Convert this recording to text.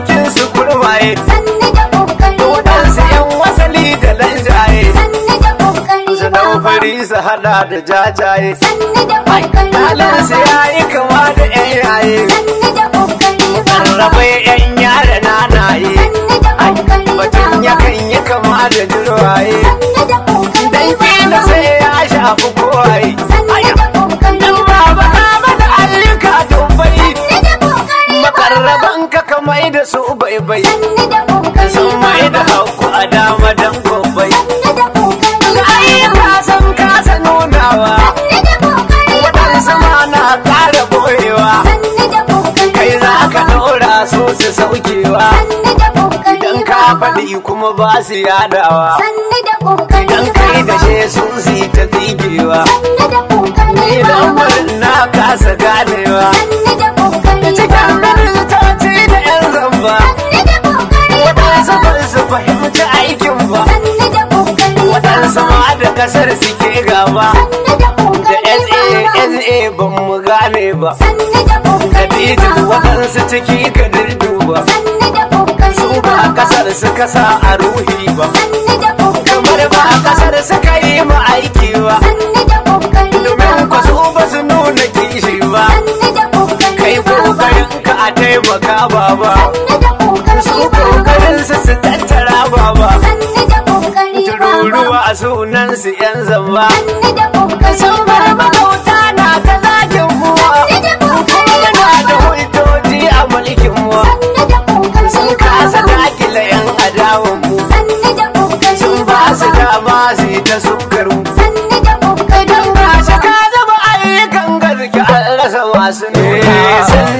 cikin su kurwaye sanni yan wasali da lanjaye sanni su hada da jajaye sanni yayi kama da yan yaye yan yara nanaye sanni batun yakan yi kama da jirwaye sanni sai ya shafi kowaye da su baibai san mai da haku a dama dan gobai ai ka san ka nunawa wadan sama na kara boyewa kai za ka daura su su saukewa idan ka kuma ba su yadawa idan kai gashe sun su ta tsigewa idan na kasa ganewa cikin yan zamba ba su fahimci aikin ba waɗansu da kasar suke gaba da sa ban mu gane ba kadijin waɗansu ciki ka duba su ba kasar su kasa a ruhi ba kamar ba kasar suka yi mu aiki ba taimaka baba su kokarinsa su tattara baba tururuwa a sunansu yan zamba sun bar mahauta na ta zagin kuma na da hujjoji a mulkin mu sun kasa dakila yan adawan mu sun ba su dama su yi ta sukar don ba shi ka zama ayyukan gaske an rasa masu nuna